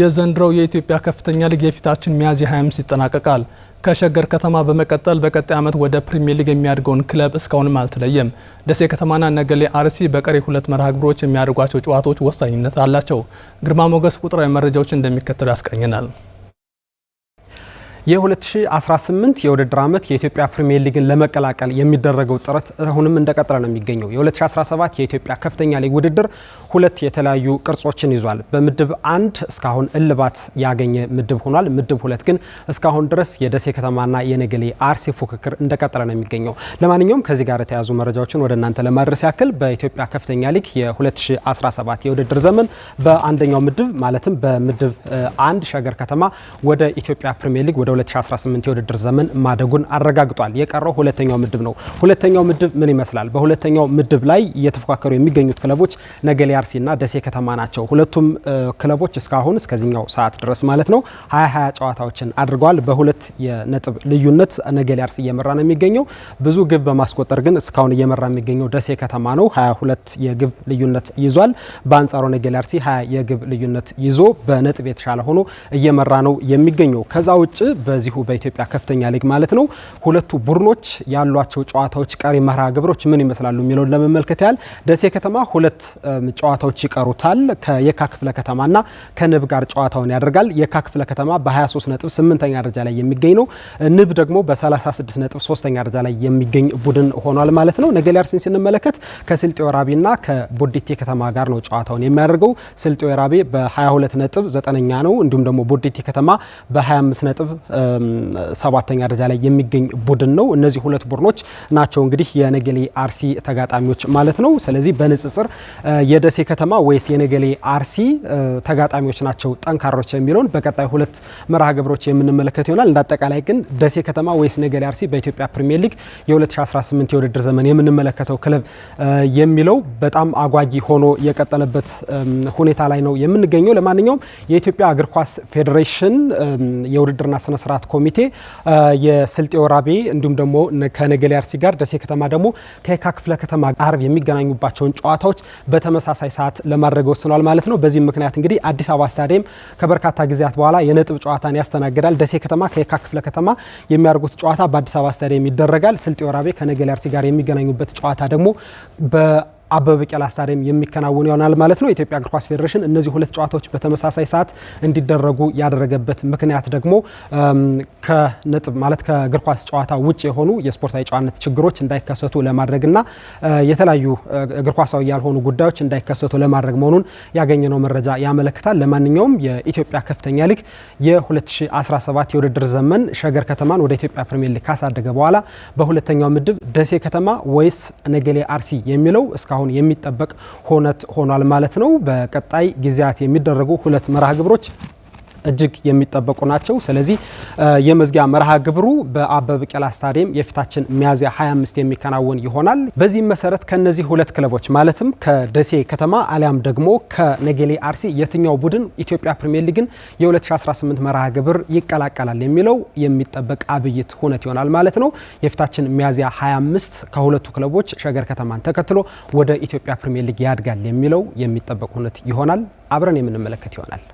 የዘንድሮው የኢትዮጵያ ከፍተኛ ሊግ የፊታችን ሚያዝያ 25 ይጠናቀቃል። ከሸገር ከተማ በመቀጠል በቀጣይ ዓመት ወደ ፕሪሚየር ሊግ የሚያድገውን ክለብ እስካሁንም አልተለየም። ደሴ ከተማና ነገሌ አርሲ በቀሪ ሁለት መርሃ ግብሮች የሚያደርጓቸው ጨዋታዎች ወሳኝነት አላቸው። ግርማ ሞገስ ቁጥራዊ መረጃዎች እንደሚከተሉ ያስቃኘናል። የ2018 የውድድር ዓመት የኢትዮጵያ ፕሪምየር ሊግን ለመቀላቀል የሚደረገው ጥረት አሁንም እንደቀጠለ ነው የሚገኘው። የ2017 የኢትዮጵያ ከፍተኛ ሊግ ውድድር ሁለት የተለያዩ ቅርጾችን ይዟል። በምድብ አንድ እስካሁን እልባት ያገኘ ምድብ ሆኗል። ምድብ ሁለት ግን እስካሁን ድረስ የደሴ ከተማና የነገሌ አርሲ ፉክክር እንደቀጠለ ነው የሚገኘው። ለማንኛውም ከዚህ ጋር የተያዙ መረጃዎችን ወደ እናንተ ለማድረስ ያክል በኢትዮጵያ ከፍተኛ ሊግ የ2017 የውድድር ዘመን በአንደኛው ምድብ ማለትም በምድብ አንድ ሸገር ከተማ ወደ ኢትዮጵያ ፕሪምየር ሊግ ወደ 2018 የውድድር ዘመን ማደጉን አረጋግጧል። የቀረው ሁለተኛው ምድብ ነው። ሁለተኛው ምድብ ምን ይመስላል? በሁለተኛው ምድብ ላይ እየተፎካከሩ የሚገኙት ክለቦች ነገሌ አርሲና ደሴ ከተማ ናቸው። ሁለቱም ክለቦች እስካሁን እስከዚህኛው ሰዓት ድረስ ማለት ነው 2020 ጨዋታዎችን አድርገዋል። በሁለት የነጥብ ልዩነት ነገሌ አርሲ እየመራ ነው የሚገኘው። ብዙ ግብ በማስቆጠር ግን እስካሁን እየመራ የሚገኘው ደሴ ከተማ ነው። 22 የግብ ልዩነት ይዟል። በአንጻሩ ነገሌ አርሲ የግብ ልዩነት ይዞ በነጥብ የተሻለ ሆኖ እየመራ ነው የሚገኘው። ከዛ ውጭ በዚሁ በኢትዮጵያ ከፍተኛ ሊግ ማለት ነው። ሁለቱ ቡድኖች ያሏቸው ጨዋታዎች፣ ቀሪ መርሃ ግብሮች ምን ይመስላሉ የሚለውን ለመመልከት ያህል ደሴ ከተማ ሁለት ጨዋታዎች ይቀሩታል። ከየካ ክፍለ ከተማና ከንብ ጋር ጨዋታውን ያደርጋል። የካ ክፍለ ከተማ በ23 ነጥብ 8ኛ ደረጃ ላይ የሚገኝ ነው። ንብ ደግሞ በ36 ነጥብ 3ኛ ደረጃ ላይ የሚገኝ ቡድን ሆኗል ማለት ነው። ነገሌ አርሲን ስንመለከት ከስልጤ ወራቤና ከቦዲቴ ከተማ ጋር ነው ጨዋታውን የሚያደርገው። ስልጤ ወራቤ በ22 ነጥብ 9ኛ ነው። እንዲሁም ደግሞ ቦዲቴ ከተማ በ25 ነጥብ ሰባተኛ ደረጃ ላይ የሚገኝ ቡድን ነው። እነዚህ ሁለት ቡድኖች ናቸው እንግዲህ የነገሌ አርሲ ተጋጣሚዎች ማለት ነው። ስለዚህ በንጽጽር የደሴ ከተማ ወይስ የነገሌ አርሲ ተጋጣሚዎች ናቸው ጠንካሮች የሚለውን በቀጣይ ሁለት መርሃ ግብሮች የምንመለከት ይሆናል። እንደ አጠቃላይ ግን ደሴ ከተማ ወይስ ነገሌ አርሲ በኢትዮጵያ ፕሪሚየር ሊግ የ2018 የውድድር ዘመን የምንመለከተው ክለብ የሚለው በጣም አጓጊ ሆኖ የቀጠለበት ሁኔታ ላይ ነው የምንገኘው። ለማንኛውም የኢትዮጵያ እግር ኳስ ፌዴሬሽን የውድድርና ስነ ስነስርዓት ኮሚቴ የስልጤ ወራቤ እንዲሁም ደግሞ ከነገሌ አርሲ ጋር ደሴ ከተማ ደግሞ ከየካ ክፍለ ከተማ አርብ የሚገናኙባቸውን ጨዋታዎች በተመሳሳይ ሰዓት ለማድረግ ወስኗል ማለት ነው። በዚህም ምክንያት እንግዲህ አዲስ አበባ ስታዲየም ከበርካታ ጊዜያት በኋላ የነጥብ ጨዋታን ያስተናግዳል። ደሴ ከተማ ከየካ ክፍለ ከተማ የሚያደርጉት ጨዋታ በአዲስ አበባ ስታዲየም ይደረጋል። ስልጤ ወራቤ ከነገሌ አርሲ ጋር የሚገናኙበት ጨዋታ ደግሞ አበበ ቢቂላ ስታዲየም የሚከናወኑ ይሆናል ማለት ነው። የኢትዮጵያ እግር ኳስ ፌዴሬሽን እነዚህ ሁለት ጨዋታዎች በተመሳሳይ ሰዓት እንዲደረጉ ያደረገበት ምክንያት ደግሞ ከነጥብ ማለት ከእግር ኳስ ጨዋታ ውጭ የሆኑ የስፖርታዊ ጨዋነት ችግሮች እንዳይከሰቱ ለማድረግና የተለያዩ እግር ኳሳዊ ያልሆኑ ጉዳዮች እንዳይከሰቱ ለማድረግ መሆኑን ያገኘነው መረጃ ያመለክታል። ለማንኛውም የኢትዮጵያ ከፍተኛ ሊግ የ2017 የውድድር ዘመን ሸገር ከተማን ወደ ኢትዮጵያ ፕሪሚየር ሊግ ካሳደገ በኋላ በሁለተኛው ምድብ ደሴ ከተማ ወይስ ነገሌ አርሲ የሚለው እስካ እስካሁን የሚጠበቅ ሆነት ሆኗል ማለት ነው። በቀጣይ ጊዜያት የሚደረጉ ሁለት መርሃ ግብሮች እጅግ የሚጠበቁ ናቸው። ስለዚህ የመዝጊያ መርሃ ግብሩ በአበበ ቢቂላ ስታዲየም የፊታችን ሚያዝያ 25 የሚከናወን ይሆናል። በዚህም መሰረት ከነዚህ ሁለት ክለቦች ማለትም ከደሴ ከተማ አሊያም ደግሞ ከነጌሌ አርሲ የትኛው ቡድን ኢትዮጵያ ፕሪሚየር ሊግን የ2018 መርሃ ግብር ይቀላቀላል የሚለው የሚጠበቅ አብይት ሁነት ይሆናል ማለት ነው። የፊታችን ሚያዝያ 25 ከሁለቱ ክለቦች ሸገር ከተማን ተከትሎ ወደ ኢትዮጵያ ፕሪሚየር ሊግ ያድጋል የሚለው የሚጠበቅ ሁነት ይሆናል። አብረን የምንመለከት ይሆናል።